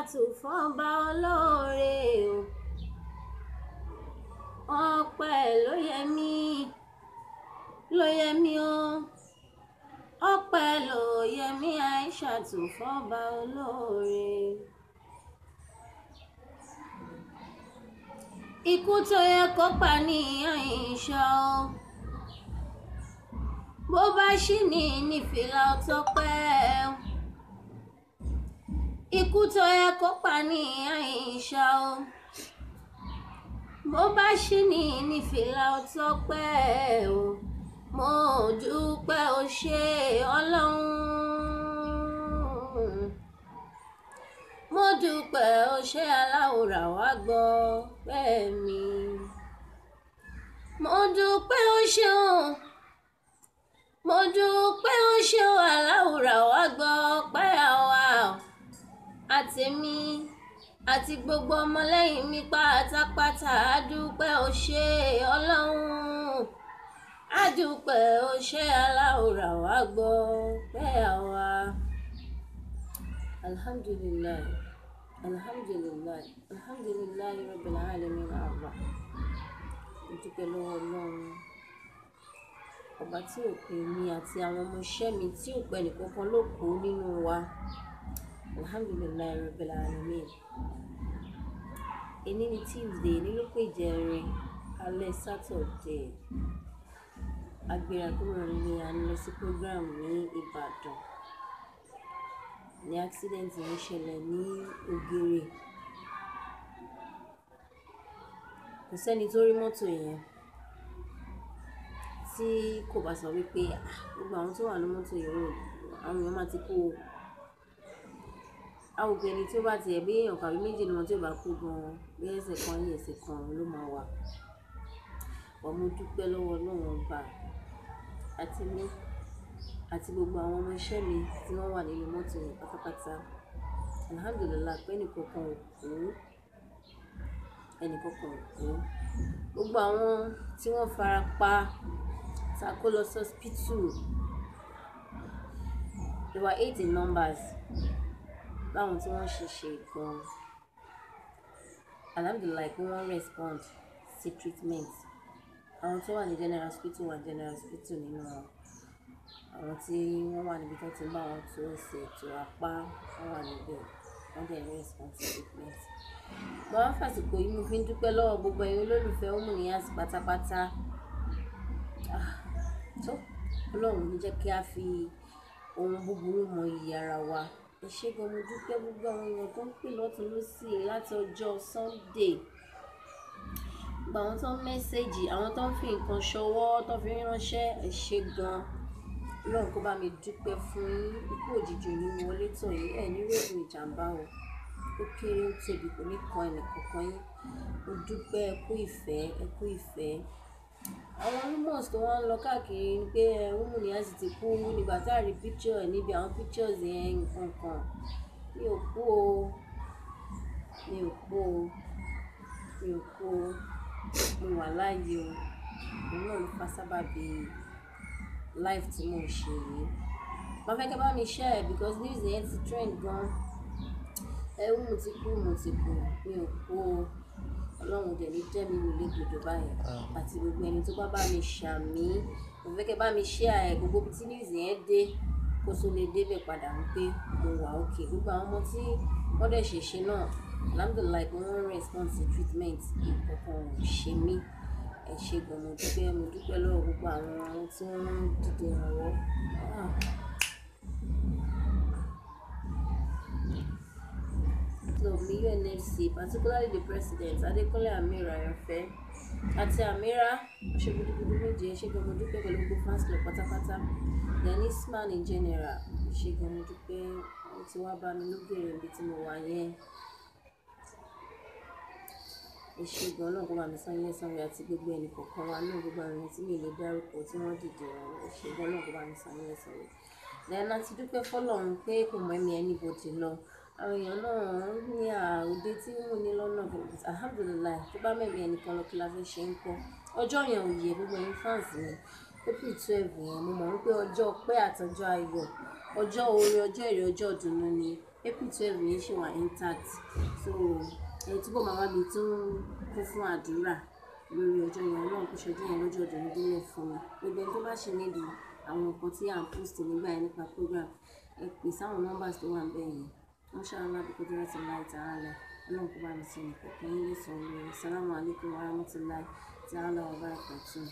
àtúfọ́n bá olóore o ọpẹ́ ló yẹ mí ló yẹ mí o ọpẹ́ ló yẹ mí Aisha tó fọ́ba olóore. ikú tó yẹ kó pa ní Aisha o bó bá ṣì ní ní fìlà o ikú tó yẹ kó pa ní àyíṣà o bó bá ṣì ní ní fìlà ọtọpẹ o mo dúpẹ́ o ṣe Ọlọ́run mo dúpẹ́ o ṣe aláwòrán wá gbọ́ bẹ́ẹ̀ mi mo dúpẹ́ o mo dúpẹ́ o ṣeun aláwòrán. tèmi àti gbogbo ọmọlẹ́yìn mi pátápátá a dúpẹ́ o ṣé ọlọ́run a dúpẹ́ o ṣé aláòrà wá gbọ́ pẹ́ àwa. alhamdulilayi alhamdulilayi alhamdulilayi rabbil alamin àwa dúpẹ́ lọ́wọ́ ọlọ́run ọba tí ò pè mí àti àwọn ọmọ iṣẹ́ mi tí ò pẹ́ nìkankan ló kó nínú wa alhamdulilayi rabbil alamin èní ni tuesday ní ló pè jẹrin alẹ́ saturday agbèrè kúrò ní anilọsí program ní ìbàdàn ní accident ń ṣẹlẹ̀ ní ògèrè kò sẹ́ni tó rí mọ́tò yẹn tí kò bá sọ wípé ah, gbogbo àwọn tó wà ní mọ́tò yẹn àwọn èèyàn máa ti kó o a ò gbẹni tí ó bá tiẹ̀ bí èèyàn kàwé méjì ni wọn tí ò bá kú gan-an bí ẹsẹ̀ kan yìí ẹsẹ̀ kan ló máa wà wọ́n mo dúpẹ́ lọ́wọ́ ọlọ́run ọba àti mi àti gbogbo àwọn ọmọ iṣẹ́ mi tí wọ́n wà nínú mọ́tò yẹn pátápátá alhamdulillah pé ẹnìkankan ò kú ẹnìkankan ò kú gbogbo àwọn tí wọ́n fara pa ta kó lọ sọ́spítù they were eight in numbers báwọn tí wọ́n ṣe ṣe gan-an alhamdulilayi pé wọ́n respond sí treatment àwọn tó wà ní general hospital wà general hospital nínú wọn àwọn tí wọ́n wà níbi tó ti bá wọn tó ẹsẹ̀ tó apá wọ́n wà níbẹ̀ wọ́n dẹ̀ ní respond sí treatment mo wá fàsìkò yìí mo fi ń dúpẹ́ lọ́wọ́ gbogbo ẹ̀yin olólùfẹ́ Omuniyas pátápátá ah, tó ọlọ́run ní jẹ́ kí a fi ohun búburú mọ iye ara wa ẹ ṣé gan mo dúpẹ́ gbogbo àwọn èèyàn tó ń pè lọ́tún lọ́sì láti ọjọ́ Sunday gbogbo àwọn tó ń mẹ́sẹ̀gì àwọn tó ń fi nǹkan ṣọwọ́ tó fi ránṣẹ́ ẹ ṣé gan lọ́run kó bá mi dúpẹ́ fún yín ikú òjijì òní mi wọlé tọ̀ yìí ẹ̀ ní rògbò ìjàmbá o ó kéré ó tẹ̀bi kò ní kan ẹnì kọ̀ọ̀kan yín mo dúpẹ́ ẹ kú ìfẹ́ ẹ kú ìfẹ́. Àwọn rumours tó wá ń lọ káàkiri ni pé eh, Wunmi Nyasi ti kú, nígbà tá a rí picture ẹ̀ níbi àwọn pictures yẹn nǹkankan. Mi ò kú o. Mi ò kú o. Mi ò kú o. Mo wà láàyè o. Òun náà ló fa sábàbí life tí mò ń ṣe yìí. Máa fẹ́ kí ẹ bá mi share ẹ̀ because news yẹn ti trend gan. Ẹ eh, Wunmi ti kú, Wunmi ti kú. Mi ò kú o ọlọ́run dẹ̀ ní jẹ́ mi mi lè gbèdò báyẹn ah. àti gbogbo ẹni tó bá bá mi ṣàmì kò fẹ́ kẹ́ bá mi ṣe àyè gbogbo tí níìsì yẹn dé kó tó lè débẹ̀ padà wípé mo wà òkè gbogbo àwọn ọmọ tí wọ́n dẹ̀ ṣèṣe náà alhamdulilayi pé wọ́n ń response to treatment ìkọ̀kan ò ṣe mí ẹ ṣe gan mo dúpẹ́ mo dúpẹ́ lọ́wọ́ gbogbo àwọn tí wọ́n dìde ìrànwọ́. Ah. Club ní UNFC, particularly the President, Adekunle Amir Ayanfe, àti Ameerah Ọ̀ṣọ́gbodigbo ẹ ṣé gan mo dúpẹ́ pẹ̀lú gbogbo fans club pátápátá, then Ismail in general, ẹ ṣé gan mo dúpẹ́, wọ́n ti wá bá mi lógèrè ibi tí mo wà yẹn. Ẹ ṣé gan, Ọlọ́run kó bá mi san yín lẹ́san ire àti gbogbo ẹnì kọ̀ọ̀kan wa náà, gbogbo àwọn èèyàn tí mi ò lè dárúkọ tí wọ́n dìde wọn, ẹ ṣé gan Ọlọ́run kó bá mi san yín lẹ́san ire. Then a ti dúpẹ́ f'Ọlọ́run pé kò mọ ẹ̀mí anybody lọ àwọn èèyàn náà ní òde tí ń múni lọ́nà alhamdulilayi tó bá mẹ́rin ẹnìkan lọ kí la fẹ́ ṣe ń kọ́ ọjọ́ yẹn ò yẹ gbogbo ẹ̀yin fans mi april twelve yẹn mo mọ̀ wípé ọjọ́ pé àtọjọ́ ayọ̀ ọjọ́ orin ọjọ́ èrè ọjọ́ ìdùnnú ni april twelve yẹn ṣì wà intact so ẹ túbọ̀ màmá mi tó ń kún fún àdúrà lórí ọjọ́ yẹn ọlọ́run kó ṣojú yẹn lọ́jọ́ ìdùnnú délẹ̀ fún mi gbogbo ẹni tó bá ṣe nídìí àwọn nǹkan tí à ń post nígbà yẹn nípa program ẹ pè sáwọn numbers tó wà ń bẹ̀ yẹn mọ́ṣáláà bí kòtò láti láì tààlà ọlọ́run kó bá mi sọ nìkan kí n lè sọ wa rahmatulahi tààlà wa barakatuh.